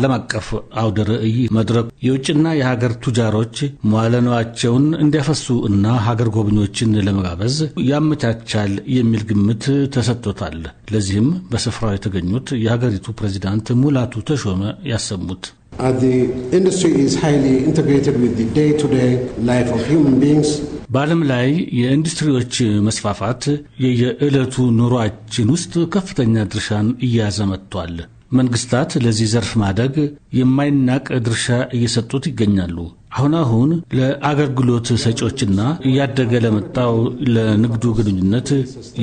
ዓለም አቀፍ አውደ ርዕይ መድረክ የውጭና የሀገር ቱጃሮች መዋለ ንዋያቸውን እንዲያፈሱ እና ሀገር ጎብኚዎችን ለመጋበዝ ያመቻቻል የሚል ግምት ተሰጥቶታል። ለዚህም በስፍራው የተገኙት የሀገሪቱ ፕሬዚዳንት ሙላቱ ተሾመ ያሰሙት uh, በዓለም ላይ የኢንዱስትሪዎች መስፋፋት የየዕለቱ ኑሯችን ውስጥ ከፍተኛ ድርሻን እያያዘ መጥቷል። መንግስታት ለዚህ ዘርፍ ማደግ የማይናቅ ድርሻ እየሰጡት ይገኛሉ። አሁን አሁን ለአገልግሎት ሰጪዎችና እያደገ ለመጣው ለንግዱ ግንኙነት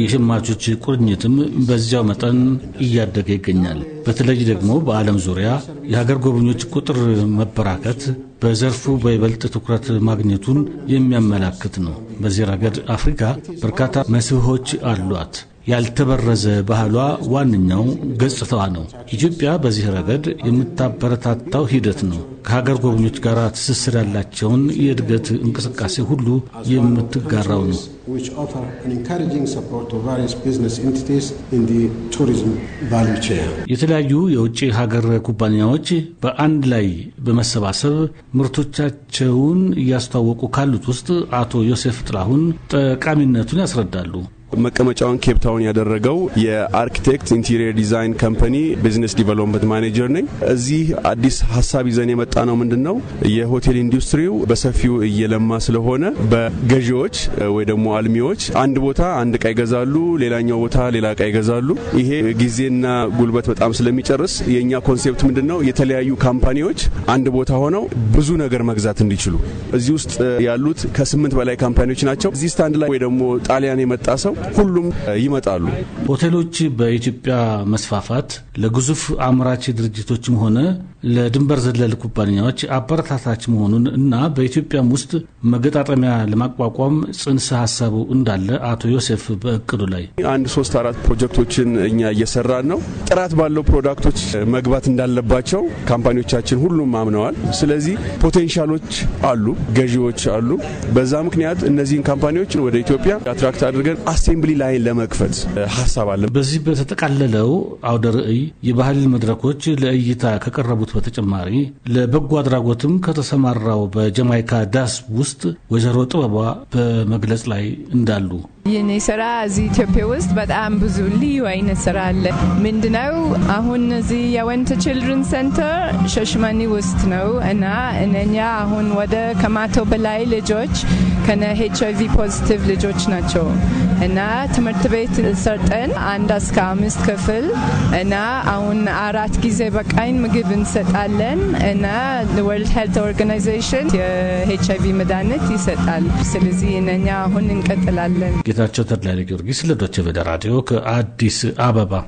የሸማቾች ቁርኝትም በዚያው መጠን እያደገ ይገኛል። በተለይ ደግሞ በዓለም ዙሪያ የሀገር ጎብኞች ቁጥር መበራከት በዘርፉ በይበልጥ ትኩረት ማግኘቱን የሚያመላክት ነው። በዚህ ረገድ አፍሪካ በርካታ መስህቦች አሏት። ያልተበረዘ ባህሏ ዋነኛው ገጽታዋ ነው። ኢትዮጵያ በዚህ ረገድ የምታበረታታው ሂደት ነው። ከሀገር ጎብኞች ጋር ትስስር ያላቸውን የእድገት እንቅስቃሴ ሁሉ የምትጋራው ነው። የተለያዩ የውጭ ሀገር ኩባንያዎች በአንድ ላይ በመሰባሰብ ምርቶቻቸውን እያስተዋወቁ ካሉት ውስጥ አቶ ዮሴፍ ጥላሁን ጠቃሚነቱን ያስረዳሉ። መቀመጫውን ኬፕታውን ያደረገው የአርኪቴክት ኢንቴሪየር ዲዛይን ካምፓኒ ቢዝነስ ዲቨሎፕመንት ማኔጀር ነኝ። እዚህ አዲስ ሀሳብ ይዘን የመጣ ነው ምንድን ነው የሆቴል ኢንዱስትሪው በሰፊው እየለማ ስለሆነ በገዢዎች ወይ ደግሞ አልሚዎች አንድ ቦታ አንድ እቃ ይገዛሉ፣ ሌላኛው ቦታ ሌላ እቃ ይገዛሉ። ይሄ ጊዜና ጉልበት በጣም ስለሚጨርስ የእኛ ኮንሴፕት ምንድን ነው የተለያዩ ካምፓኒዎች አንድ ቦታ ሆነው ብዙ ነገር መግዛት እንዲችሉ እዚህ ውስጥ ያሉት ከስምንት በላይ ካምፓኒዎች ናቸው። እዚህ ስታንድ ላይ ወይ ደግሞ ጣሊያን የመጣ ሰው ሁሉም ይመጣሉ። ሆቴሎች በኢትዮጵያ መስፋፋት ለግዙፍ አምራች ድርጅቶችም ሆነ ለድንበር ዘለል ኩባንያዎች አበረታታች መሆኑን እና በኢትዮጵያም ውስጥ መገጣጠሚያ ለማቋቋም ጽንሰ ሀሳቡ እንዳለ አቶ ዮሴፍ በእቅዱ ላይ አንድ ሶስት አራት ፕሮጀክቶችን እኛ እየሰራን ነው። ጥራት ባለው ፕሮዳክቶች መግባት እንዳለባቸው ካምፓኒዎቻችን ሁሉም አምነዋል። ስለዚህ ፖቴንሻሎች አሉ፣ ገዢዎች አሉ። በዛ ምክንያት እነዚህን ካምፓኒዎች ወደ ኢትዮጵያ አትራክት አድርገን አስ አሴምብሊ ላይ ለመክፈት ሀሳብ አለ። በዚህ በተጠቃለለው አውደ ርዕይ የባህል መድረኮች ለእይታ ከቀረቡት በተጨማሪ ለበጎ አድራጎትም ከተሰማራው በጀማይካ ዳስ ውስጥ ወይዘሮ ጥበቧ በመግለጽ ላይ እንዳሉ የኔ ስራ እዚህ ኢትዮጵያ ውስጥ በጣም ብዙ ልዩ አይነት ስራ አለ። ምንድነው አሁን እዚህ የወንት ችልድረን ሴንተር ሸሽመኔ ውስጥ ነው እና እነኛ አሁን ወደ ከማቶ በላይ ልጆች ከነ ኤች አይቪ ፖዚቲቭ ልጆች ናቸው እና ትምህርት ቤት ሰርጠን አንድ እስከ አምስት ክፍል እና አሁን አራት ጊዜ በቃኝ ምግብ እንሰጣለን እና ወርልድ ሄልት ኦርጋናይዜሽን የኤች አይቪ መድኃኒት ይሰጣል። ስለዚህ እነኛ አሁን እንቀጥላለን። ጌታቸው ተድላይ ጊዮርጊስ ለዶይቼ ቬለ ራዲዮ ከአዲስ አበባ